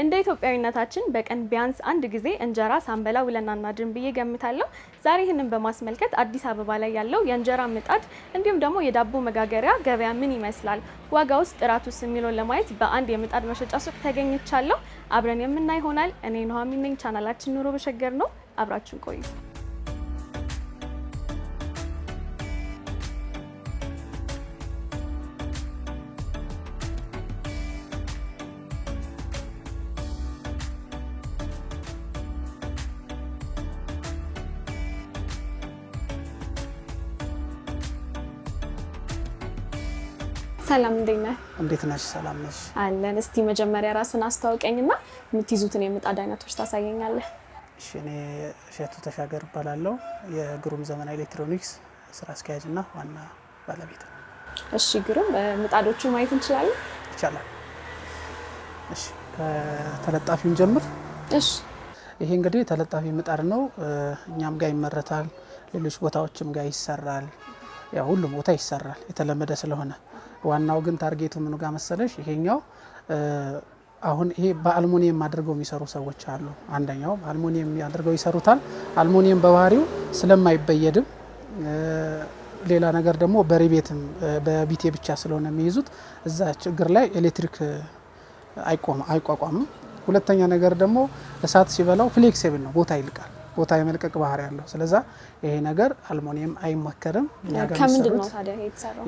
እንደ ኢትዮጵያዊነታችን በቀን ቢያንስ አንድ ጊዜ እንጀራ ሳንበላ ውለን አናድርም ብዬ ገምታለሁ። ዛሬ ይህንን በማስመልከት አዲስ አበባ ላይ ያለው የእንጀራ ምጣድ እንዲሁም ደግሞ የዳቦ መጋገሪያ ገበያ ምን ይመስላል፣ ዋጋ ውስጥ ጥራቱ ውስጥ የሚለውን ለማየት በአንድ የምጣድ መሸጫ ሱቅ ተገኝቻለሁ። አብረን የምናይ ይሆናል። እኔ ነሃሚነኝ ቻናላችን ኑሮ በሸገር ነው። አብራችን ቆዩ። ሰላም እንዴት ነህ? እንዴት ነሽ? ሰላም ነሽ? አለን። እስቲ መጀመሪያ ራስን አስተዋውቀኝና የምትይዙትን የምጣድ አይነቶች ታሳየኛለህ። እሺ፣ እኔ እሸቱ ተሻገር እባላለሁ። የግሩም ዘመን ኤሌክትሮኒክስ ስራ አስኪያጅ እና ዋና ባለቤት ነው። እሺ፣ ግሩም ምጣዶቹ ማየት እንችላለን? ይቻላል። እሺ፣ ከተለጣፊውን ጀምር። እሺ፣ ይሄ እንግዲህ ተለጣፊ ምጣድ ነው። እኛም ጋር ይመረታል፣ ሌሎች ቦታዎችም ጋር ይሰራል። ያው ሁሉም ቦታ ይሰራል የተለመደ ስለሆነ። ዋናው ግን ታርጌቱ ምኑ ጋር መሰለሽ? ይሄኛው አሁን ይሄ በአልሙኒየም አድርገው የሚሰሩ ሰዎች አሉ። አንደኛው በአልሙኒየም አድርገው ይሰሩታል። አልሙኒየም በባህሪው ስለማይበየድም ሌላ ነገር ደግሞ በሪቤትም በቢቴ ብቻ ስለሆነ የሚይዙት እዛ ችግር ላይ ኤሌክትሪክ አይቋቋምም። ሁለተኛ ነገር ደግሞ እሳት ሲበላው ፍሌክሲብል ነው፣ ቦታ ይልቃል። ቦታ የመልቀቅ ባህሪ ያለው። ስለዛ ይሄ ነገር አልሞኒየም አይመከርም።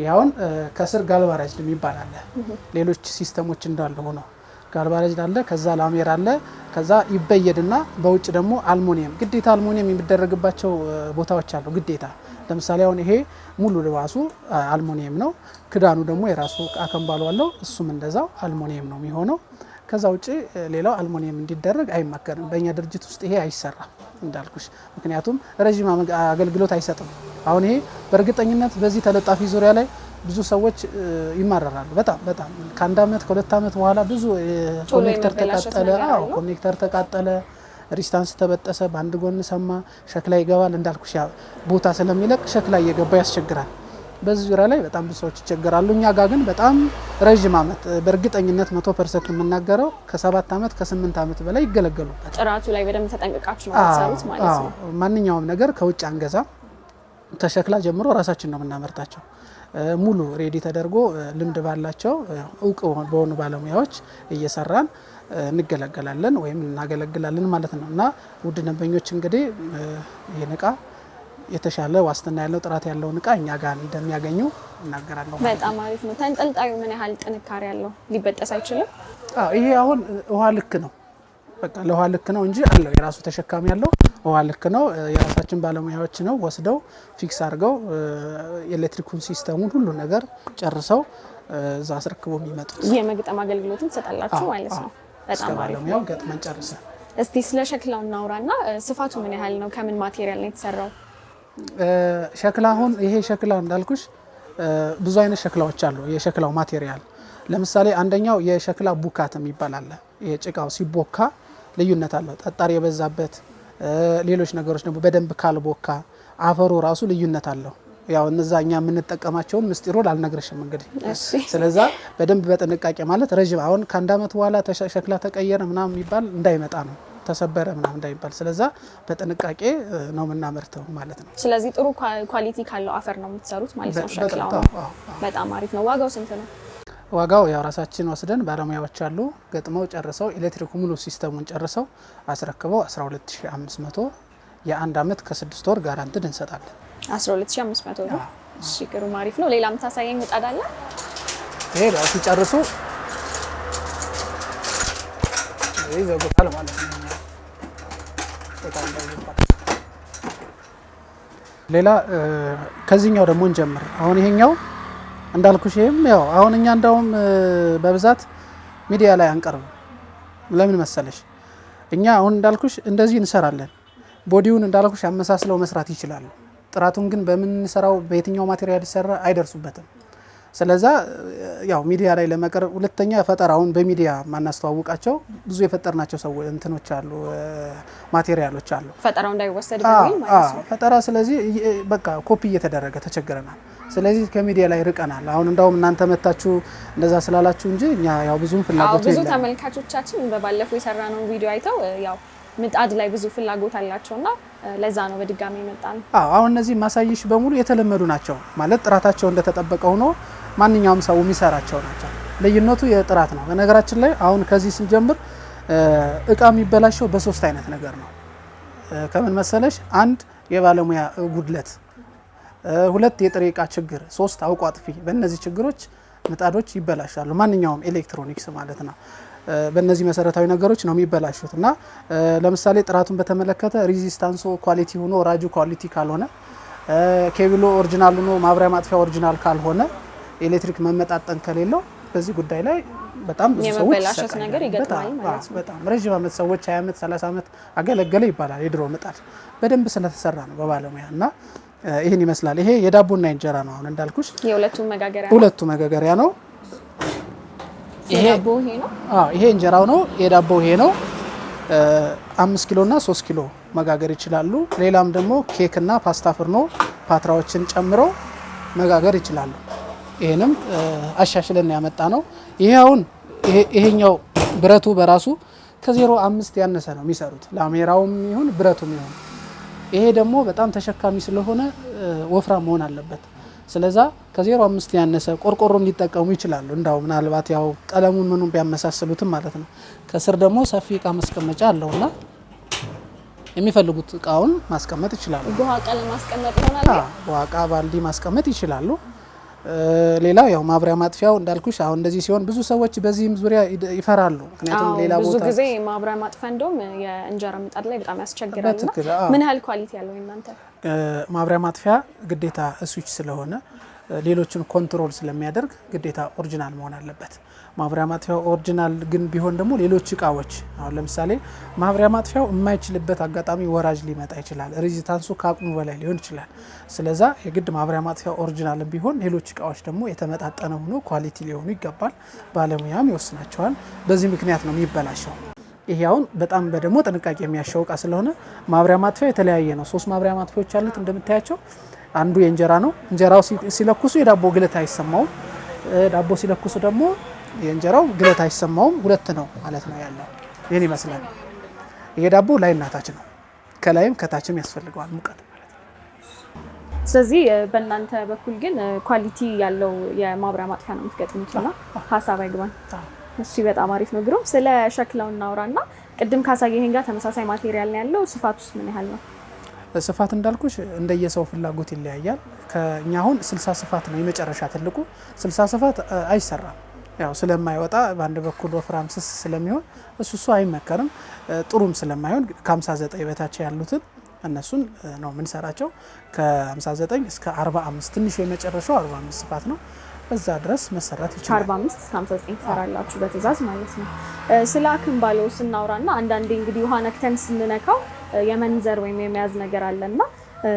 ያሁን ከስር ጋልባራጅ የሚባል አለ። ሌሎች ሲስተሞች እንዳሉ ሆነው ጋልባራጅ አለ፣ ከዛ ላሜር አለ፣ ከዛ ይበየድና በውጭ ደግሞ አልሞኒየም። ግዴታ አልሞኒየም የሚደረግባቸው ቦታዎች አሉ ግዴታ ለምሳሌ አሁን ይሄ ሙሉ ልባሱ አልሙኒየም ነው። ክዳኑ ደግሞ የራሱ አከንባሉ አለው። እሱም እንደዛው አልሙኒየም ነው የሚሆነው። ከዛ ውጭ ሌላው አልሙኒየም እንዲደረግ አይመከርም። በእኛ ድርጅት ውስጥ ይሄ አይሰራም። እንዳልኩሽ። ምክንያቱም ረዥም አገልግሎት አይሰጥም። አሁን ይሄ በእርግጠኝነት በዚህ ተለጣፊ ዙሪያ ላይ ብዙ ሰዎች ይማረራሉ። በጣም በጣም ከአንድ አመት ከሁለት አመት በኋላ ብዙ ኮኔክተር ተቃጠለ፣ ኮኔክተር ተቃጠለ፣ ሪስታንስ ተበጠሰ፣ በአንድ ጎን ሰማ፣ ሸክላ ይገባል። እንዳልኩሽ ቦታ ስለሚለቅ ሸክላ እየገባ ያስቸግራል። በዚህ ዙሪያ ላይ በጣም ብዙ ሰዎች ይቸገራሉ። እኛ ጋር ግን በጣም ረዥም ዓመት በእርግጠኝነት መቶ ፐርሰንት የምናገረው ከሰባት ዓመት ከስምንት ዓመት በላይ ይገለገሉበት። ጥራቱ ላይ በደንብ ተጠንቅቃችሁ ማለት ነው። ማንኛውም ነገር ከውጭ አንገዛ ተሸክላ ጀምሮ ራሳችን ነው የምናመርታቸው። ሙሉ ሬዲ ተደርጎ ልምድ ባላቸው እውቅ በሆኑ ባለሙያዎች እየሰራን እንገለገላለን ወይም እናገለግላለን ማለት ነው እና ውድ ደንበኞች እንግዲህ ይህን እቃ የተሻለ ዋስትና ያለው ጥራት ያለውን እቃ እኛ ጋር እንደሚያገኙ እናገራለሁ። በጣም አሪፍ ነው። ተንጠልጣዩ ምን ያህል ጥንካሬ አለው? ሊበጠስ አይችልም። ይሄ አሁን ውሃ ልክ ነው፣ በቃ ለውሃ ልክ ነው እንጂ አለው የራሱ ተሸካሚ ያለው ውሃ ልክ ነው። የራሳችን ባለሙያዎች ነው ወስደው ፊክስ አድርገው የኤሌክትሪኩን ሲስተሙን ሁሉ ነገር ጨርሰው እዛ አስረክቦ የሚመጡት የመግጠም አገልግሎትን ትሰጣላችሁ ማለት ነው። በጣም ባለሙያው ገጥመን ጨርሰን እስቲ ስለ ሸክላው እናውራና ስፋቱ ምን ያህል ነው? ከምን ማቴሪያል ነው የተሰራው? ሸክላ አሁን ይሄ ሸክላ እንዳልኩሽ ብዙ አይነት ሸክላዎች አሉ። የሸክላው ማቴሪያል ለምሳሌ አንደኛው የሸክላ ቡካት የሚባል አለ። ጭቃው ሲቦካ ልዩነት አለው። ጠጣር የበዛበት ሌሎች ነገሮች ደግሞ በደንብ ካልቦካ አፈሩ ራሱ ልዩነት አለው። ያው እነዛ እኛ የምንጠቀማቸውን ምስጢሮ አልነግርሽም እንግዲህ። ስለዛ በደንብ በጥንቃቄ ማለት ረዥም አሁን ከአንድ አመት በኋላ ሸክላ ተቀየረ ምናምን የሚባል እንዳይመጣ ነው። ተሰበረ ምናምን እንዳይባል። ስለዛ በጥንቃቄ ነው የምናመርተው ማለት ነው። ስለዚህ ጥሩ ኳሊቲ ካለው አፈር ነው የምትሰሩት ማለት ነው። ሸክላው በጣም አሪፍ ነው። ዋጋው ስንት ነው? ዋጋው ያው ራሳችን ወስደን ባለሙያዎች አሉ ገጥመው ጨርሰው ኤሌክትሪክ ሙሉ ሲስተሙን ጨርሰው አስረክበው 12500 የአንድ አመት ከስድስት ወር ጋራንትን እንሰጣለን። 12500 ነው። እሺ ግሩም አሪፍ ነው። ሌላ የምታሳየኝ ምጣድ አለ? ይሄ ሲጨርሱ ይዘጉታል ማለት ነው። ሌላ ከዚህኛው ደግሞ እንጀምር። አሁን ይሄኛው እንዳልኩሽ ይሄም ያው አሁን እኛ እንዳውም በብዛት ሚዲያ ላይ አንቀርብም። ለምን መሰለሽ እኛ አሁን እንዳልኩሽ እንደዚህ እንሰራለን። ቦዲውን እንዳልኩሽ አመሳስለው መስራት ይችላሉ። ጥራቱን ግን በምንሰራው በየትኛው ማቴሪያል ይሰራ አይደርሱበትም። ስለዛ ያው ሚዲያ ላይ ለመቅረብ ሁለተኛ ፈጠራውን በሚዲያ ማናስተዋውቃቸው ብዙ የፈጠርናቸው ሰው እንትኖች አሉ፣ ማቴሪያሎች አሉ። ፈጠራው እንዳይወሰድ ፈጠራ ስለዚህ በቃ ኮፒ እየተደረገ ተቸግረናል። ስለዚህ ከሚዲያ ላይ ርቀናል። አሁን እንደውም እናንተ መታችሁ እንደዛ ስላላችሁ እንጂ እኛ ያው ብዙም ፍላጎት ብዙ ተመልካቾቻችን በባለፈው ነው ቪዲዮ አይተው ያው ምጣድ ላይ ብዙ ፍላጎት አላቸውና ለዛ ነው በድጋሚ የመጣ ነው። አሁን እነዚህ ማሳይሽ በሙሉ የተለመዱ ናቸው ማለት ጥራታቸው እንደተጠበቀ ሆኖ ማንኛውም ሰው የሚሰራቸው ናቸው። ልዩነቱ የጥራት ነው። በነገራችን ላይ አሁን ከዚህ ስንጀምር እቃ የሚበላሸው በሶስት አይነት ነገር ነው። ከምን መሰለሽ? አንድ የባለሙያ ጉድለት፣ ሁለት የጥሬ እቃ ችግር፣ ሶስት አውቆ አጥፊ። በእነዚህ ችግሮች ምጣዶች ይበላሻሉ። ማንኛውም ኤሌክትሮኒክስ ማለት ነው። በእነዚህ መሰረታዊ ነገሮች ነው የሚበላሹት እና ለምሳሌ ጥራቱን በተመለከተ ሪዚስታንሶ ኳሊቲ ሆኖ ራጁ ኳሊቲ ካልሆነ፣ ኬብሎ ኦሪጂናል ሆኖ ማብሪያ ማጥፊያ ኦሪጂናል ካልሆነ ኤሌክትሪክ መመጣጠን ከሌለው በዚህ ጉዳይ ላይ በጣም ብዙ ሰዎች በጣም ረዥም ዓመት ሰዎች 20 ዓመት 30 ዓመት አገለገለ ይባላል። የድሮ ምጣድ በደንብ ስለተሰራ ነው በባለሙያ እና ይህን ይመስላል። ይሄ የዳቦና እንጀራ ነው። አሁን እንዳልኩሽ ሁለቱ መጋገሪያ ነው። ይሄ እንጀራው ነው፣ የዳቦ ይሄ ነው። አምስት ኪሎ እና ሶስት ኪሎ መጋገር ይችላሉ። ሌላም ደግሞ ኬክ እና ፓስታ ፍርኖ ፓትራዎችን ጨምረው መጋገር ይችላሉ። ይሄንም አሻሽለን ያመጣ ነው። ይሄ አሁን ይሄኛው ብረቱ በራሱ ከዜሮ አምስት ያነሰ ነው የሚሰሩት ላሜራውም ይሁን ብረቱም ይሁን። ይሄ ደግሞ በጣም ተሸካሚ ስለሆነ ወፍራም መሆን አለበት። ስለዛ ከዜሮ አምስት ያነሰ ቆርቆሮም ሊጠቀሙ ይችላሉ። እንዳው ምናልባት ያው ቀለሙን ምኑ ቢያመሳስሉትም ማለት ነው። ከስር ደግሞ ሰፊ እቃ ማስቀመጫ አለውና የሚፈልጉት እቃውን ማስቀመጥ ይችላሉ። በውሃ ባልዲ ማስቀመጥ ይችላሉ። ሌላው ያው ማብሪያ ማጥፊያው እንዳልኩሽ አሁን እንደዚህ ሲሆን ብዙ ሰዎች በዚህም ዙሪያ ይፈራሉ። ምክንያቱም ሌላ ቦታ ብዙ ጊዜ ማብሪያ ማጥፊያ እንደውም የእንጀራ ምጣድ ላይ በጣም ያስቸግራል። ምን ያህል ኳሊቲ ያለው እናንተ ማብሪያ ማጥፊያ ግዴታ እሱች ስለሆነ ሌሎችን ኮንትሮል ስለሚያደርግ ግዴታ ኦሪጂናል መሆን አለበት። ማብሪያ ማጥፊያው ኦሪጂናል ግን ቢሆን ደግሞ ሌሎች እቃዎች አሁን ለምሳሌ ማብሪያ ማጥፊያው የማይችልበት አጋጣሚ ወራጅ ሊመጣ ይችላል። ሬዚስታንሱ ከአቅሙ በላይ ሊሆን ይችላል። ስለዛ የግድ ማብሪያ ማጥፊያው ኦሪጂናል ቢሆን ሌሎች እቃዎች ደግሞ የተመጣጠነ ሆኖ ኳሊቲ ሊሆኑ ይገባል። ባለሙያም ይወስናቸዋል። በዚህ ምክንያት ነው የሚበላሸው። ይሄ አሁን በጣም በደግሞ ጥንቃቄ የሚያሻው እቃ ስለሆነ ማብሪያ ማጥፊያው የተለያየ ነው። ሶስት ማብሪያ ማጥፊያዎች አሉት እንደምታያቸው አንዱ የእንጀራ ነው። እንጀራው ሲለኩሱ የዳቦ ግለት አይሰማውም። ዳቦ ሲለኩሱ ደግሞ የእንጀራው ግለት አይሰማውም። ሁለት ነው ማለት ነው ያለው። ይህን ይመስላል። ይሄ ዳቦ ላይና ታች ነው። ከላይም ከታችም ያስፈልገዋል ሙቀት ስለዚህ በእናንተ በኩል ግን ኳሊቲ ያለው የማብሪያ ማጥፊያ ነው የምትገጥሙት እና ሀሳብ አይግባን። እሺ፣ በጣም አሪፍ ነው። ግሩም። ስለ ሸክላው እናውራ እና ቅድም ካሳየኸኝ ጋር ተመሳሳይ ማቴሪያል ያለው። ስፋት ውስጥ ምን ያህል ነው? ስፋት እንዳልኩሽ እንደየሰው ፍላጎት ይለያያል። ከኛ አሁን ስልሳ ስፋት ነው የመጨረሻ ትልቁ ስልሳ ስፋት አይሰራም። ያው ስለማይወጣ በአንድ በኩል ወፍራም ስስ ስለሚሆን እሱ እሱ አይመከርም። ጥሩም ስለማይሆን ከ59 በታች ያሉትን እነሱን ነው የምንሰራቸው። ከ59 እስከ 45 ትንሹ የመጨረሻው 45 ስፋት ነው። እዛ ድረስ መሰራት ይችላል። 45 እስከ 59 ትሰራላችሁ በትእዛዝ ማለት ነው። ስለ ባለው ስናውራና አንዳንዴ እንግዲህ ውሃ ነክተን ስንነካው የመንዘር ወይም የመያዝ ነገር አለና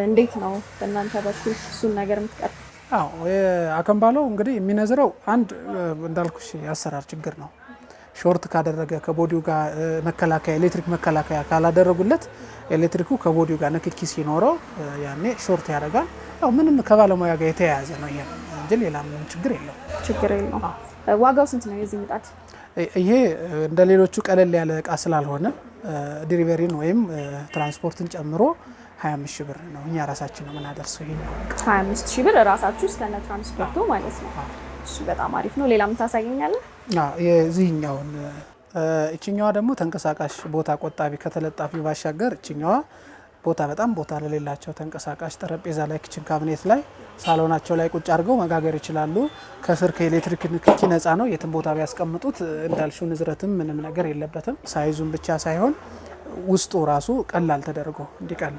እንዴት ነው በእናንተ በኩል እሱን ነገር የምትቀርፍ? አዎ እንግዲህ የሚነዝረው አንድ እንዳልኩሽ የአሰራር ችግር ነው። ሾርት ካደረገ ከቦዲው ጋር መከላከያ ኤሌክትሪክ መከላከያ ካላደረጉለት ኤሌክትሪኩ ከቦዲው ጋር ንክኪ ሲኖረው ያኔ ሾርት ያደርጋል። ያው ምንም ከባለሙያ ጋር የተያያዘ ነው ይሄ እንጂ ሌላ ምንም ችግር የለው። ችግር የለው። ዋጋው ስንት ነው የዚህ ምጣድ? ይሄ እንደ ሌሎቹ ቀለል ያለ እቃ ስላልሆነ ዲሪቨሪን ወይም ትራንስፖርትን ጨምሮ 25 ሺ ብር ነው። እኛ ራሳችን ነው የምናደርሰው። ይሄ 25 ሺህ ብር ራሳችሁ እስከነ ትራንስፖርቱ ማለት ነው። በጣም አሪፍ ነው። ሌላም ታሳየኛለህ? የዚህኛውን ደግሞ ተንቀሳቃሽ ቦታ ቆጣቢ ከተለጣፊ ባሻገር እችኛዋ ቦታ በጣም ቦታ ለሌላቸው ተንቀሳቃሽ ጠረጴዛ ላይ ክችን ካቢኔት ላይ ሳሎናቸው ላይ ቁጭ አድርገው መጋገር ይችላሉ። ከስር ከኤሌክትሪክ ንክኪ ነፃ ነው። የትም ቦታ ቢያስቀምጡት እንዳልሽው ንዝረትም ምንም ነገር የለበትም። ሳይዙን ብቻ ሳይሆን ውስጡ ራሱ ቀላል ተደርጎ እንዲቀል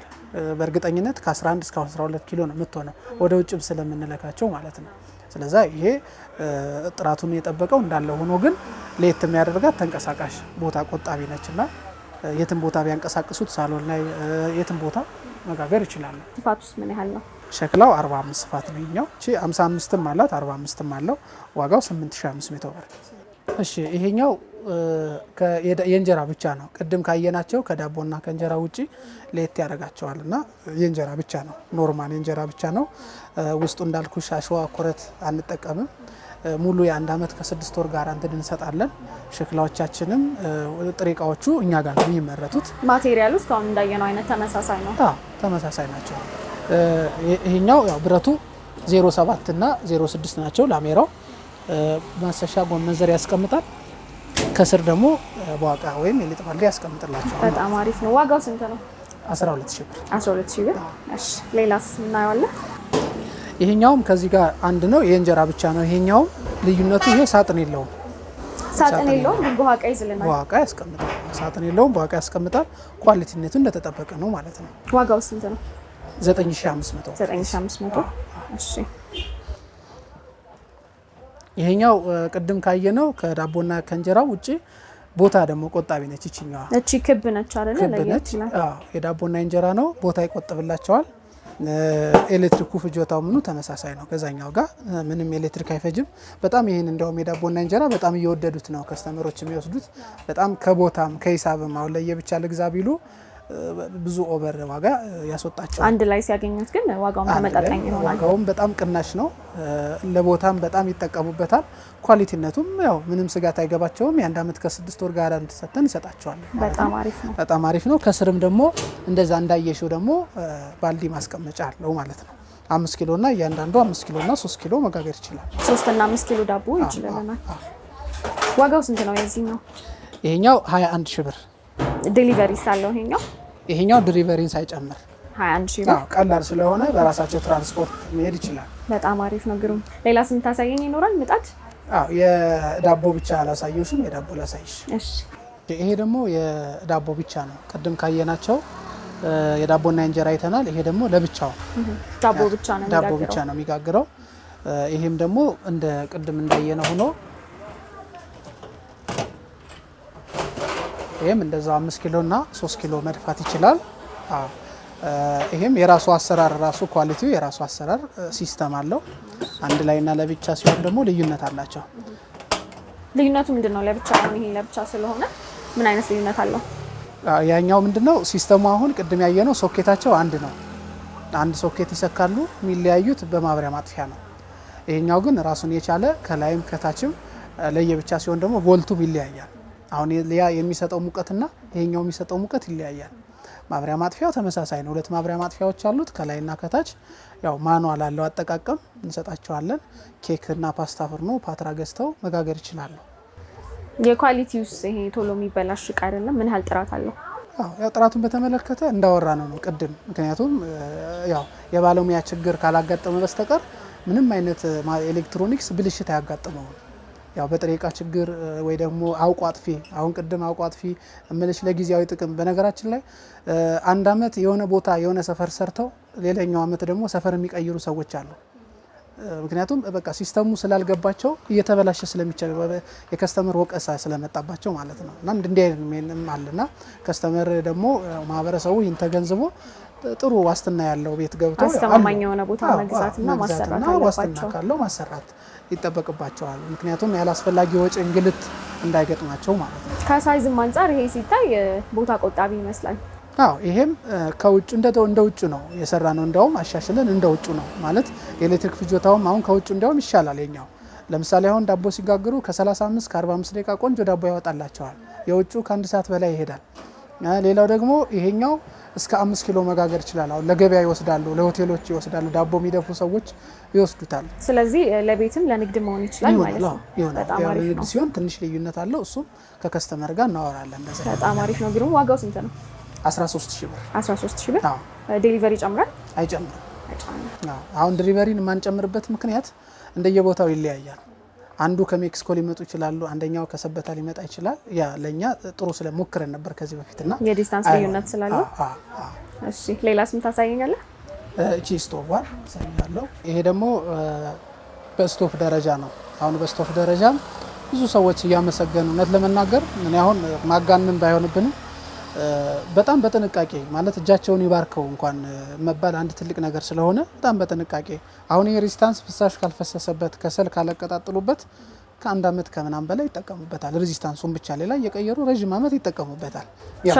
በእርግጠኝነት ከ11 እስከ 12 ኪሎ ነው የምትሆነው ወደ ውጭም ስለምንለካቸው ማለት ነው። ስለዛ ይሄ ጥራቱን የጠበቀው እንዳለ ሆኖ ግን ለየት የሚያደርጋት ተንቀሳቃሽ ቦታ ቆጣቢ ነች የትም ቦታ ቢያንቀሳቅሱት ሳሎን ላይ የትም ቦታ መጋገር ይችላሉ። ስፋት ውስጥ ምን ያህል ነው? ሸክላው 45 ስፋት ነው። ይኛው እቺ 55ም አላት 45ም አለው። ዋጋው 8500 ብር። እሺ ይሄኛው የእንጀራ ብቻ ነው። ቅድም ካየናቸው ከዳቦና ከእንጀራ ውጪ ለየት ያደርጋቸዋል እና የእንጀራ ብቻ ነው። ኖርማል የእንጀራ ብቻ ነው። ውስጡ እንዳልኩሽ አሸዋ ኩረት አንጠቀምም። ሙሉ የአንድ አመት ከስድስት ወር ጋራንትድ እንሰጣለን። ሸክላዎቻችንም ጥሬ እቃዎቹ እኛ ጋር ነው የሚመረቱት። ማቴሪያሉ እስካሁን እንዳየነው አይነት ተመሳሳይ ነው። ተመሳሳይ ናቸው። ይሄኛው ያው ብረቱ 07 እና 06 ናቸው። ላሜራው ማሰሻ ጎመን ያስቀምጣል። ከስር ደግሞ በዋቃ ወይም የሊጥ ባልዲ ያስቀምጥላቸዋል። በጣም አሪፍ ነው። ዋጋው ስንት ነው? ሺህ ብር። ሺህ ብር። እሺ ሌላስ እናየዋለን። ይሄኛውም ከዚህ ጋር አንድ ነው። ይሄ እንጀራ ብቻ ነው። ይሄኛውም ልዩነቱ ይሄ ሳጥን የለውም። ሳጥን የለውም፣ ግን ያስቀምጣል። ሳጥን የለውም፣ በኋቃ ያስቀምጣል። ኳሊቲነቱ እንደተጠበቀ ነው ማለት ነው። ዋጋው ስንት ነው? 9500 9500። እሺ ይሄኛው ቅድም ካየ ነው ከዳቦና ከእንጀራው ውጭ ቦታ ደግሞ ቆጣቢ ነች። ይችኛዋ እቺ ክብ ነች አይደል? ክብ ነች። የዳቦና እንጀራ ነው፣ ቦታ ይቆጥብላቸዋል። ኤሌክትሪኩ ፍጆታው ምኑ ተመሳሳይ ነው ከዛኛው ጋር ምንም ኤሌክትሪክ አይፈጅም። በጣም ይህን እንዲያውም የዳቦና እንጀራ በጣም እየወደዱት ነው ከስተመሮች የሚወስዱት በጣም ከቦታም ከሂሳብም አሁን ለየብቻ ልግዛ ቢሉ ብዙ ኦቨር ዋጋ ያስወጣቸው። አንድ ላይ ሲያገኙት ግን ዋጋውም ተመጣጣኝ ይሆናል። ዋጋውም በጣም ቅናሽ ነው። ለቦታም በጣም ይጠቀሙበታል። ኳሊቲነቱም ያው ምንም ስጋት አይገባቸውም። የአንድ አመት ከስድስት ወር ጋር እንድሰተን ይሰጣቸዋል። በጣም አሪፍ ነው። በጣም አሪፍ ነው። ከስርም ደግሞ እንደዛ እንዳየሽው ደግሞ ባልዲ ማስቀመጫ አለው ማለት ነው። አምስት ኪሎ እና እያንዳንዱ አምስት ኪሎ እና ሶስት ኪሎ መጋገር ይችላል። ሶስት እና አምስት ኪሎ ዳቦ ይችላልናል። ዋጋው ስንት ነው ነው ይሄኛው ሀያ አንድ ሺህ ብር ዴሊቨሪ ሳለው ይሄኛው ይሄኛው ዴሊቨሪን ሳይጨምር 21 ሺህ ቀላል ስለሆነ በራሳቸው ትራንስፖርት መሄድ ይችላል። በጣም አሪፍ ነው። ግሩም ሌላ ስም ታሳየኝ ይኖራል ምጣድ? አዎ የዳቦ ብቻ ስም የዳቦ ላሳይሽ። እሺ ይሄ ደግሞ የዳቦ ብቻ ነው። ቅድም ካየናቸው የዳቦና እንጀራ አይተናል። ይሄ ደግሞ ለብቻው ዳቦ ብቻ ነው የሚጋግረው። ይሄም ደግሞ እንደ ቅድም እንዳየነው ሆኖ ይህም እንደዛ አምስት ኪሎ እና ሶስት ኪሎ መድፋት ይችላል። ይህም የራሱ አሰራር ራሱ ኳሊቲው የራሱ አሰራር ሲስተም አለው። አንድ ላይና ለብቻ ሲሆን ደግሞ ልዩነት አላቸው። ልዩነቱ ምንድን ነው? ለብቻ ይሄ ለብቻ ስለሆነ ምን አይነት ልዩነት አለው? ያኛው ምንድን ነው ሲስተሙ? አሁን ቅድም ያየነው ሶኬታቸው አንድ ነው። አንድ ሶኬት ይሰካሉ። የሚለያዩት በማብሪያ ማጥፊያ ነው። ይሄኛው ግን ራሱን የቻለ ከላይም ከታችም ለየብቻ ሲሆን ደግሞ ቮልቱም ይለያያል። አሁን ሊያ የሚሰጠው ሙቀትና ይሄኛው የሚሰጠው ሙቀት ይለያያል። ማብሪያ ማጥፊያው ተመሳሳይ ነው። ሁለት ማብሪያ ማጥፊያዎች አሉት ከላይና ከታች። ያው ማኗል አለው አጠቃቀም እንሰጣቸዋለን። ኬክና ፓስታ ፍርኖ ፓትራ ገዝተው መጋገር ይችላሉ። የኳሊቲ ውስ ይሄ ቶሎ የሚበላሽ እቃ አይደለም። ምን ያህል ጥራት አለው? ያው ጥራቱን በተመለከተ እንዳወራ ነው ነው ቅድም። ምክንያቱም ያው የባለሙያ ችግር ካላጋጠመ በስተቀር ምንም አይነት ኤሌክትሮኒክስ ብልሽት አያጋጥመውም። ያው በጥሬ እቃ ችግር ወይ ደግሞ አውቆ አጥፊ፣ አሁን ቅድም አውቆ አጥፊ እምልሽ ለጊዜያዊ ጥቅም። በነገራችን ላይ አንድ አመት የሆነ ቦታ የሆነ ሰፈር ሰርተው ሌላኛው አመት ደግሞ ሰፈር የሚቀይሩ ሰዎች አሉ። ምክንያቱም በቃ ሲስተሙ ስላልገባቸው እየተበላሸ ስለሚቻል የከስተመር ወቀሳ ስለመጣባቸው ማለት ነው። እና እንዲህ አለና ከስተመር ደግሞ ማህበረሰቡ ይህን ተገንዝቦ ጥሩ ዋስትና ያለው ቤት ገብቶ አስተማማኝ የሆነ ቦታ መግዛትና ማሰራት አለባቸው። ዋስትና ካለው ማሰራት ይጠበቅባቸዋል። ምክንያቱም ያላስፈላጊ ወጪ እንግልት እንዳይገጥማቸው ማለት ነው። ከሳይዝም አንጻር ይሄ ሲታይ ቦታ ቆጣቢ ይመስላል። አዎ ይሄም ከውጭ እንደ ውጭ ነው የሰራ ነው። እንደውም አሻሽለን እንደ ውጭ ነው ማለት የኤሌክትሪክ ፍጆታውም አሁን ከውጭ እንዲያውም ይሻላል የኛው። ለምሳሌ አሁን ዳቦ ሲጋግሩ ከ35 ከ45 ደቂቃ ቆንጆ ዳቦ ያወጣላቸዋል። የውጩ ከአንድ ሰዓት በላይ ይሄዳል። ሌላው ደግሞ ይሄኛው እስከ አምስት ኪሎ መጋገር ይችላል። አሁን ለገበያ ይወስዳሉ፣ ለሆቴሎች ይወስዳሉ፣ ዳቦ የሚደፉ ሰዎች ይወስዱታል። ስለዚህ ለቤትም ለንግድ መሆን ይችላል ማለት ነው። ሲሆን ትንሽ ልዩነት አለው። እሱም ከከስተመር ጋር እናወራለን። በጣም አሪፍ ነው። ግሩም ዋጋው ስንት ነው? 13 ሺህ ብር 13 ሺህ ብር። ዴሊቨሪ ይጨምራል አይጨምርም? አሁን ዴሊቨሪን የማንጨምርበት ምክንያት እንደየቦታው ይለያያል። አንዱ ከሜክሲኮ ሊመጡ ይችላሉ፣ አንደኛው ከሰበታ ሊመጣ ይችላል። ያ ለእኛ ጥሩ ስለሞክረን ነበር ከዚህ በፊትና የዲስታንስ ልዩነት ስላለ። እሺ ሌላ ስም ታሳየኛለህ? እቺ ስቶቭ ያለው ይሄ ደግሞ በስቶፍ ደረጃ ነው። አሁን በስቶፍ ደረጃ ብዙ ሰዎች እያመሰገኑ እውነት ለመናገር እኔ አሁን ማጋነን ባይሆንብንም በጣም በጥንቃቄ ማለት እጃቸውን ይባርከው እንኳን መባል አንድ ትልቅ ነገር ስለሆነ በጣም በጥንቃቄ አሁን ይህ ሬዚስታንስ ፍሳሽ ካልፈሰሰበት ከሰል ካለቀጣጥሉበት ከአንድ ዓመት ከምናም በላይ ይጠቀሙበታል። ሬዚስታንሱን ብቻ ሌላ እየቀየሩ ረዥም ዓመት ይጠቀሙበታል። ነው።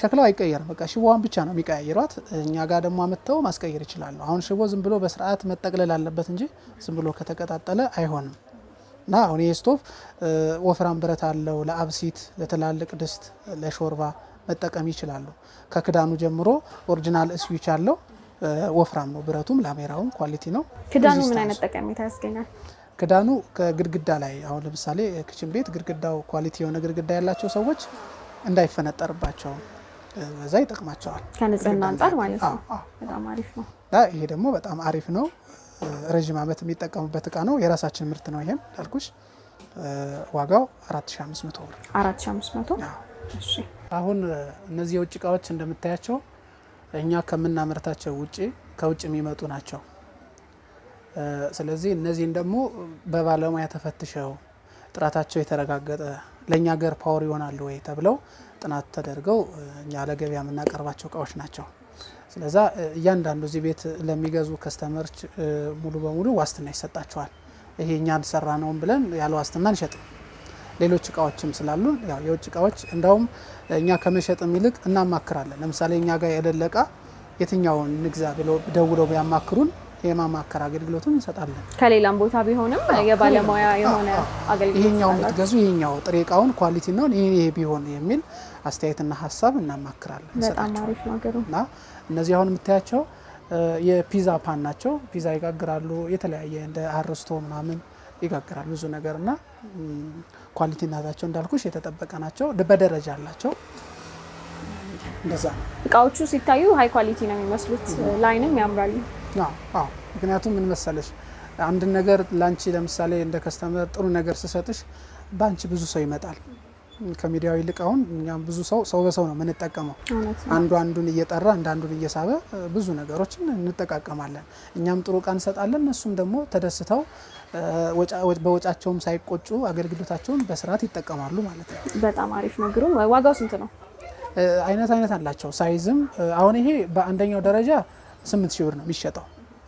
ሸክላው አይቀየርም። በቃ ሽቦዋን ብቻ ነው የሚቀያየሯት። እኛ ጋር ደግሞ አመተው ማስቀየር ይችላሉ። አሁን ሽቦ ዝም ብሎ በስርዓት መጠቅለል አለበት እንጂ ዝም ብሎ ከተቀጣጠለ አይሆንም። እና አሁን ይህ ስቶቭ ወፍራም ብረት አለው። ለአብሲት፣ ለትላልቅ ድስት፣ ለሾርባ መጠቀም ይችላሉ። ከክዳኑ ጀምሮ ኦሪጂናል እስዊች አለው። ወፍራም ነው ብረቱም፣ ላሜራውም ኳሊቲ ነው። ክዳኑ ምን አይነት ጠቀሜታ ያስገኛል? ክዳኑ ከግድግዳ ላይ አሁን ለምሳሌ ክችን ቤት ግድግዳው ኳሊቲ የሆነ ግድግዳ ያላቸው ሰዎች እንዳይፈነጠርባቸው በዛ ይጠቅማቸዋል። ከንጽህና አንጻር ማለት ነው። በጣም አሪፍ ነው። ይሄ ደግሞ በጣም አሪፍ ነው። ረዥም ዓመት የሚጠቀሙበት እቃ ነው። የራሳችን ምርት ነው። ይሄም ላልኩሽ ዋጋው 4500 ብር አሁን እነዚህ የውጭ እቃዎች እንደምታያቸው እኛ ከምናመርታቸው ውጭ ከውጭ የሚመጡ ናቸው። ስለዚህ እነዚህን ደግሞ በባለሙያ ተፈትሸው ጥራታቸው የተረጋገጠ ለእኛ ሀገር ፓወር ይሆናሉ ወይ ተብለው ጥናት ተደርገው እኛ ለገበያ የምናቀርባቸው እቃዎች ናቸው። ስለዛ እያንዳንዱ እዚህ ቤት ለሚገዙ ከስተመርች ሙሉ በሙሉ ዋስትና ይሰጣቸዋል። ይሄ እኛ አልሰራ ነውም ብለን ያለ ዋስትና እንሸጥ። ሌሎች እቃዎችም ስላሉ ያው የውጭ እቃዎች እንዳውም እኛ ከመሸጥም ይልቅ እናማክራለን። ለምሳሌ እኛ ጋር የደለቃ የትኛውን ንግዛ ብለው ደውለው ቢያማክሩን የማማከር አገልግሎትም እንሰጣለን። ከሌላም ቦታ ቢሆንም የባለሙያ የሆነ አገልግሎት ይሄኛው የምትገዙ ይሄኛው ጥሬ እቃውን ኳሊቲ ነው ይሄ ቢሆን የሚል አስተያየትና ሀሳብ እናማክራለን። በጣም አሪፍ ነገሩ እና እነዚህ አሁን የምታያቸው የፒዛ ፓን ናቸው። ፒዛ ይጋግራሉ። የተለያየ እንደ አርስቶ ምናምን ይጋግራሉ ብዙ ነገር እና ኳሊቲ ናታቸው እንዳልኩሽ የተጠበቀ ናቸው። በደረጃ አላቸው። እንደዛ ነው። እቃዎቹ ሲታዩ ሀይ ኳሊቲ ነው የሚመስሉት። ላይንም ያምራሉ። ምክንያቱም ምን መሰለሽ አንድ ነገር ላንቺ ለምሳሌ እንደ ከስተመር ጥሩ ነገር ስሰጥሽ በአንቺ ብዙ ሰው ይመጣል። ከሚዲያው ይልቅ አሁን እኛም ብዙ ሰው ሰው በሰው ነው የምንጠቀመው። አንዱ አንዱን እየጠራ አንድ አንዱን እየሳበ ብዙ ነገሮችን እንጠቃቀማለን። እኛም ጥሩ እቃ እንሰጣለን፣ እነሱም ደግሞ ተደስተው በወጫቸውም ሳይቆጩ አገልግሎታቸውን በስርዓት ይጠቀማሉ ማለት ነው። በጣም አሪፍ ነው። ግሩም። ዋጋው ስንት ነው? አይነት አይነት አላቸው ሳይዝም። አሁን ይሄ በአንደኛው ደረጃ ስምንት ሺህ ብር ነው የሚሸጠው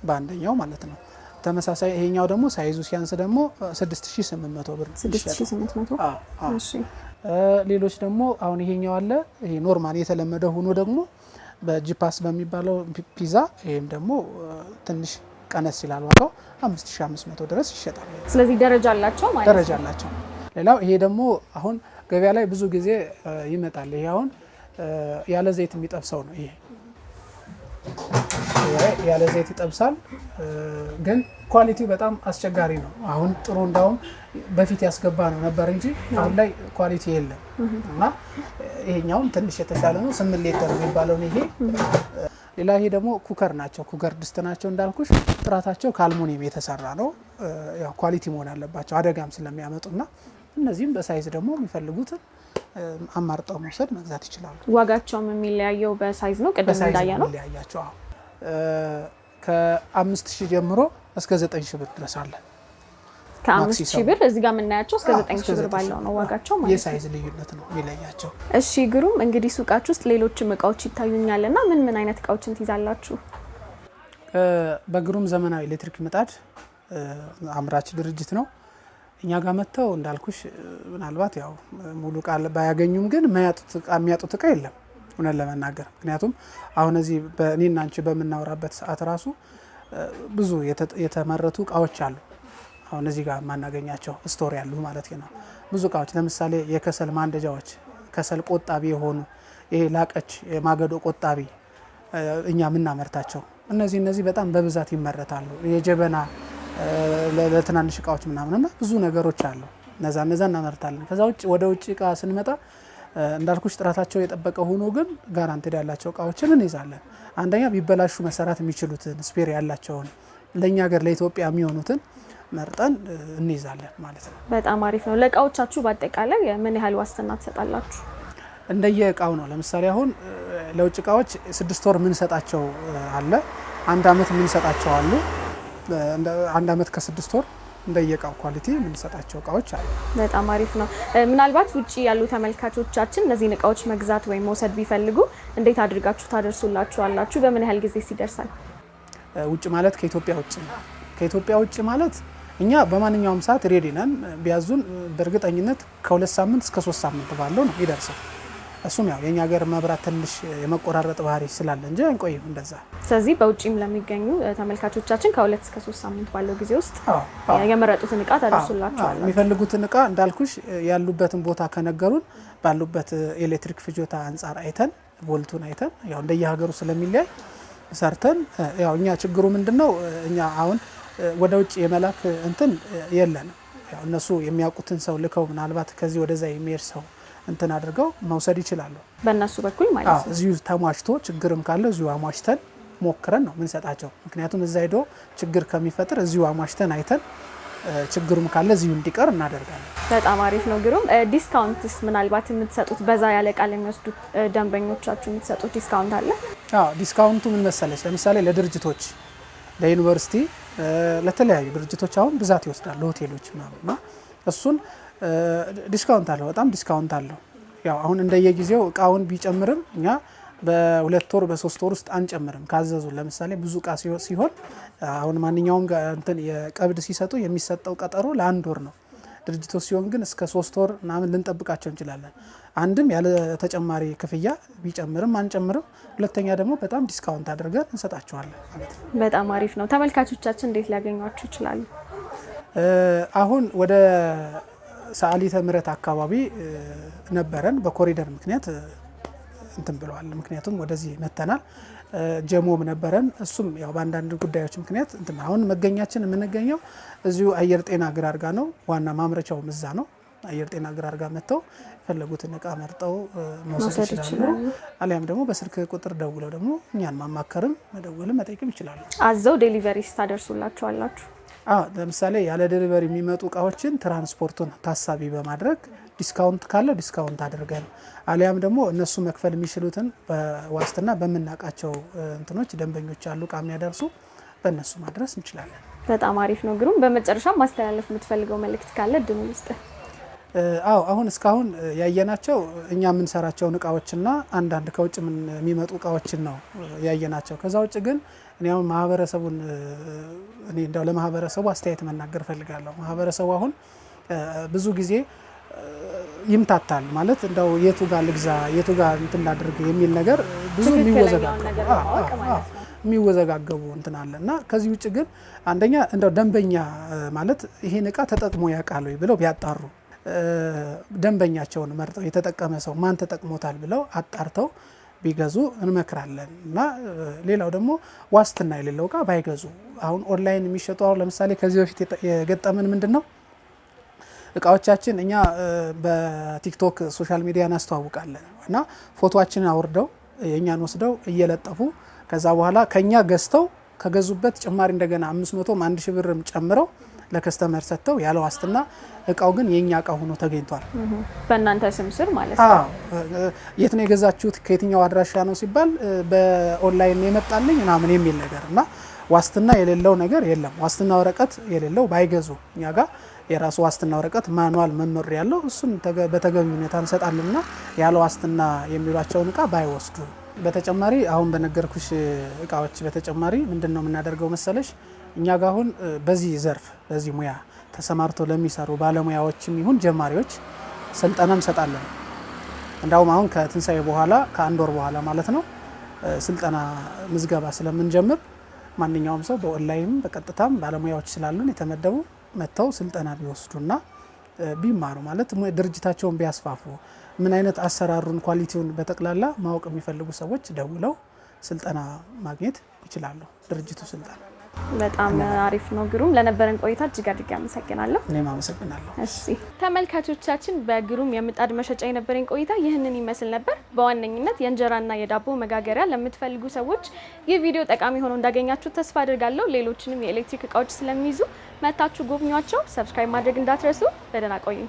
በአንደኛው ማለት ነው። ተመሳሳይ ይሄኛው ደግሞ ሳይዙ ሲያንስ ደግሞ 6800 ብር ሌሎች ደግሞ አሁን ይሄኛው አለ። ይሄ ኖርማል የተለመደ ሆኖ ደግሞ በጂፓስ በሚባለው ፒዛ ይህም ደግሞ ትንሽ ቀነስ ይላል ዋጋው 5500 ድረስ ይሸጣል። ስለዚህ ደረጃ አላቸው ማለት ደረጃ አላቸው። ሌላው ይሄ ደግሞ አሁን ገበያ ላይ ብዙ ጊዜ ይመጣል። ይሄ አሁን ያለ ዘይት የሚጠብሰው ነው። ይሄ ያለ ዘይት ይጠብሳል። ግን ኳሊቲው በጣም አስቸጋሪ ነው። አሁን ጥሩ እንዳውም በፊት ያስገባ ነው ነበር እንጂ አሁን ላይ ኳሊቲ የለም እና ይሄኛውም ትንሽ የተሻለ ነው። ስምንት ሊትር የሚባለውን ይሄ ሌላ ይሄ ደግሞ ኩከር ናቸው። ኩከር ድስት ናቸው እንዳልኩሽ ጥራታቸው ከአልሙኒየም የተሰራ ነው። ያው ኳሊቲ መሆን አለባቸው አደጋም ስለሚያመጡና እነዚህም በሳይዝ ደግሞ የሚፈልጉትን አማርጠው መውሰድ መግዛት ይችላሉ። ዋጋቸውም የሚለያየው በሳይዝ ነው። ቅድም እንዳየ ነው የሚለያያቸው ከአምስት ሺህ ጀምሮ እስከ ዘጠኝ ሺህ ብር ድረስ አለ። ከአምስት ሺህ ብር እዚህ ጋር የምናያቸው እስከ ዘጠኝ ሺህ ብር ባለው ነው ዋጋቸው ማለት ነው። የሳይዝ ልዩነት ነው የሚለያቸው። እሺ ግሩም፣ እንግዲህ ሱቃችሁ ውስጥ ሌሎችም እቃዎች ይታዩኛል እና ምን ምን አይነት እቃዎችን ትይዛላችሁ? በግሩም ዘመናዊ ኤሌክትሪክ ምጣድ አምራች ድርጅት ነው። እኛ ጋር መጥተው እንዳልኩሽ ምናልባት ያው ሙሉ ቃል ባያገኙም ግን የሚያጡት እቃ የለም እውነት ለመናገር ምክንያቱም አሁን እዚህ በእኔና አንቺ በምናወራበት ሰዓት ራሱ ብዙ የተመረቱ እቃዎች አሉ። አሁን እዚህ ጋር የማናገኛቸው ስቶር ያሉ ማለት ነው። ብዙ እቃዎች ለምሳሌ የከሰል ማንደጃዎች፣ ከሰል ቆጣቢ የሆኑ ይሄ ላቀች የማገዶ ቆጣቢ እኛ የምናመርታቸው እነዚህ እነዚህ በጣም በብዛት ይመረታሉ። የጀበና ለትናንሽ እቃዎች ምናምንና ብዙ ነገሮች አሉ። እነዛ እነዛ እናመርታለን። ከዛ ውጭ ወደ ውጭ እቃ ስንመጣ እንዳልኩሽ ጥራታቸው የጠበቀ ሆኖ ግን ጋራንቲድ ያላቸው እቃዎችን እንይዛለን። አንደኛ ቢበላሹ መሰራት የሚችሉትን ስፔር ያላቸውን ለእኛ ሀገር ለኢትዮጵያ የሚሆኑትን መርጠን እንይዛለን ማለት ነው። በጣም አሪፍ ነው። ለእቃዎቻችሁ በአጠቃላይ ምን ያህል ዋስትና ትሰጣላችሁ? እንደየ እቃው ነው። ለምሳሌ አሁን ለውጭ እቃዎች ስድስት ወር ምንሰጣቸው አለ፣ አንድ አመት ምንሰጣቸው አሉ፣ አንድ አመት ከስድስት ወር እንደየእቃው ኳሊቲ የምንሰጣቸው እቃዎች አሉ። በጣም አሪፍ ነው። ምናልባት ውጭ ያሉ ተመልካቾቻችን እነዚህን እቃዎች መግዛት ወይም መውሰድ ቢፈልጉ እንዴት አድርጋችሁ ታደርሱላችሁ አላችሁ? በምን ያህል ጊዜ ሲደርሳል? ውጭ ማለት ከኢትዮጵያ ውጭ ነው። ከኢትዮጵያ ውጭ ማለት እኛ በማንኛውም ሰዓት ሬዲ ነን። ቢያዙን በእርግጠኝነት ከሁለት ሳምንት እስከ ሶስት ሳምንት ባለው ነው ይደርሳል። እሱም ያው የኛ ሀገር መብራት ትንሽ የመቆራረጥ ባህሪ ስላለ እንጂ አንቆይም እንደዛ። ስለዚህ በውጭም ለሚገኙ ተመልካቾቻችን ከሁለት እስከ ሶስት ሳምንት ባለው ጊዜ ውስጥ የመረጡትን እቃ ታደርሱላቸዋል። የሚፈልጉትን እቃ እንዳልኩሽ ያሉበትን ቦታ ከነገሩን ባሉበት ኤሌክትሪክ ፍጆታ አንጻር አይተን ቮልቱን አይተን ያው ሀገሩ ስለሚለያይ ሰርተን ያው እኛ ችግሩ ምንድነው እኛ አሁን ወደ ውጭ የመላክ እንትን የለንም። እነሱ የሚያውቁትን ሰው ልከው ምናልባት ከዚህ ወደዛ የሚሄድ ሰው እንትን አድርገው መውሰድ ይችላሉ። በእነሱ በኩል ማለት ነው። እዚሁ ተሟሽቶ ችግርም ካለ እዚሁ አሟሽተን ሞክረን ነው ምንሰጣቸው። ምክንያቱም እዛ ሄዶ ችግር ከሚፈጥር እዚሁ አሟሽተን አይተን ችግሩም ካለ እዚሁ እንዲቀር እናደርጋለን። በጣም አሪፍ ነው። ግሩም ዲስካውንትስ ምናልባት የምትሰጡት በዛ ያለ ቃል የሚወስዱት ደንበኞቻችሁ የምትሰጡት ዲስካውንት አለ? አዎ ዲስካውንቱ ምን መሰለች፣ ለምሳሌ ለድርጅቶች፣ ለዩኒቨርሲቲ፣ ለተለያዩ ድርጅቶች አሁን ብዛት ይወስዳል ለሆቴሎች ምናምንና እሱን ዲስካውንት አለው፣ በጣም ዲስካውንት አለው። ያው አሁን እንደየጊዜው እቃውን ቢጨምርም እኛ በሁለት ወር በሶስት ወር ውስጥ አንጨምርም። ካዘዙ ለምሳሌ ብዙ እቃ ሲሆን አሁን ማንኛውም እንትን የቀብድ ሲሰጡ የሚሰጠው ቀጠሮ ለአንድ ወር ነው። ድርጅቶ ሲሆን ግን እስከ ሶስት ወር ምናምን ልንጠብቃቸው እንችላለን። አንድም ያለ ተጨማሪ ክፍያ ቢጨምርም አንጨምርም፣ ሁለተኛ ደግሞ በጣም ዲስካውንት አድርገን እንሰጣቸዋለን። በጣም አሪፍ ነው። ተመልካቾቻችን እንዴት ሊያገኟችሁ ይችላሉ? አሁን ወደ ሰዓሊተ ምሕረት አካባቢ ነበረን። በኮሪደር ምክንያት እንትን ብለዋል። ምክንያቱም ወደዚህ መተናል። ጀሞም ነበረን። እሱም ያው በአንዳንድ ጉዳዮች ምክንያት እንትን አሁን መገኛችን የምንገኘው እዚሁ አየር ጤና ግራርጋ ነው። ዋና ማምረቻውም እዛ ነው። አየር ጤና ግራርጋ መጥተው የፈለጉትን እቃ መርጠው መውሰድ ይችላሉ። አሊያም ደግሞ በስልክ ቁጥር ደውለው ደግሞ እኛን ማማከርም መደወልም መጠየቅም ይችላሉ። አዘው ዴሊቨሪ ስታደርሱላቸዋላችሁ ለምሳሌ ያለ ዴሊቨሪ የሚመጡ እቃዎችን ትራንስፖርቱን ታሳቢ በማድረግ ዲስካውንት ካለ ዲስካውንት አድርገን አሊያም ደግሞ እነሱ መክፈል የሚችሉትን በዋስትና በምናውቃቸው እንትኖች ደንበኞች አሉ እቃ የሚያደርሱ በእነሱ ማድረስ እንችላለን። በጣም አሪፍ ነው። ግሩም። በመጨረሻ ማስተላለፍ የምትፈልገው መልእክት ካለ ድኑ ውስጥ አዎ አሁን እስካሁን ያየናቸው እኛ የምንሰራቸውን እቃዎችና አንዳንድ ከውጭ የሚመጡ እቃዎችን ነው ያየናቸው። ከዛ ውጭ ግን እኔ አሁን ማህበረሰቡን እኔ እንዳው ለማህበረሰቡ አስተያየት መናገር ፈልጋለሁ። ማህበረሰቡ አሁን ብዙ ጊዜ ይምታታል ማለት እንደው የቱ ጋር ልግዛ የቱ ጋር እንትን ላድርግ የሚል ነገር ብዙ የሚወዘጋገቡ እንትን አለ እና ከዚህ ውጭ ግን አንደኛ እንደው ደንበኛ ማለት ይሄን እቃ ተጠቅሞ ያውቃል ወይ ብለው ቢያጣሩ ደንበኛቸውን መርጠው የተጠቀመ ሰው ማን ተጠቅሞታል ብለው አጣርተው ቢገዙ እንመክራለን እና ሌላው ደግሞ ዋስትና የሌለው እቃ ባይገዙ። አሁን ኦንላይን የሚሸጡ አሁን ለምሳሌ ከዚህ በፊት የገጠመን ምንድን ነው እቃዎቻችን እኛ በቲክቶክ ሶሻል ሚዲያ እናስተዋውቃለን እና ፎቶችንን አውርደው የእኛን ወስደው እየለጠፉ ከዛ በኋላ ከእኛ ገዝተው ከገዙበት ጭማሪ እንደገና አምስት መቶም አንድ ሺህ ብርም ጨምረው ለከስተመር ሰጥተው ያለ ዋስትና እቃው ግን የእኛ እቃ ሆኖ ተገኝቷል። በእናንተ ስም ስር ማለት ነው። የት ነው የገዛችሁት? ከየትኛው አድራሻ ነው ሲባል በኦንላይን የመጣልኝ ምናምን የሚል ነገር እና ዋስትና የሌለው ነገር የለም። ዋስትና ወረቀት የሌለው ባይገዙ እኛ ጋር የራሱ ዋስትና ወረቀት ማኑዋል መመሪ ያለው እሱን በተገቢ ሁኔታ እንሰጣለንና ያለ ዋስትና የሚሏቸውን እቃ ባይወስዱ። በተጨማሪ አሁን በነገርኩሽ እቃዎች በተጨማሪ ምንድን ነው የምናደርገው መሰለሽ እኛ ጋር አሁን በዚህ ዘርፍ በዚህ ሙያ ተሰማርቶ ለሚሰሩ ባለሙያዎችም ይሁን ጀማሪዎች ስልጠና እንሰጣለን። እንዳውም አሁን ከትንሳኤ በኋላ ከአንድ ወር በኋላ ማለት ነው ስልጠና ምዝገባ ስለምንጀምር ማንኛውም ሰው በኦንላይንም በቀጥታም ባለሙያዎች ስላሉን የተመደቡ መጥተው ስልጠና ቢወስዱና ቢማሩ ማለት ድርጅታቸውን ቢያስፋፉ ምን አይነት አሰራሩን ኳሊቲውን በጠቅላላ ማወቅ የሚፈልጉ ሰዎች ደውለው ስልጠና ማግኘት ይችላሉ። ድርጅቱ ስልጠና በጣም አሪፍ ነው ግሩም፣ ለነበረን ቆይታ እጅግ አድርጌ አመሰግናለሁ። እኔም አመሰግናለሁ። እሺ ተመልካቾቻችን፣ በግሩም የምጣድ መሸጫ የነበረኝ ቆይታ ይህንን ይመስል ነበር። በዋነኝነት የእንጀራና የዳቦ መጋገሪያ ለምትፈልጉ ሰዎች ይህ ቪዲዮ ጠቃሚ ሆኖ እንዳገኛችሁ ተስፋ አድርጋለሁ። ሌሎችንም የኤሌክትሪክ እቃዎች ስለሚይዙ መታችሁ ጎብኟቸው። ሰብስክራይብ ማድረግ እንዳትረሱ። በደህና ቆዩ።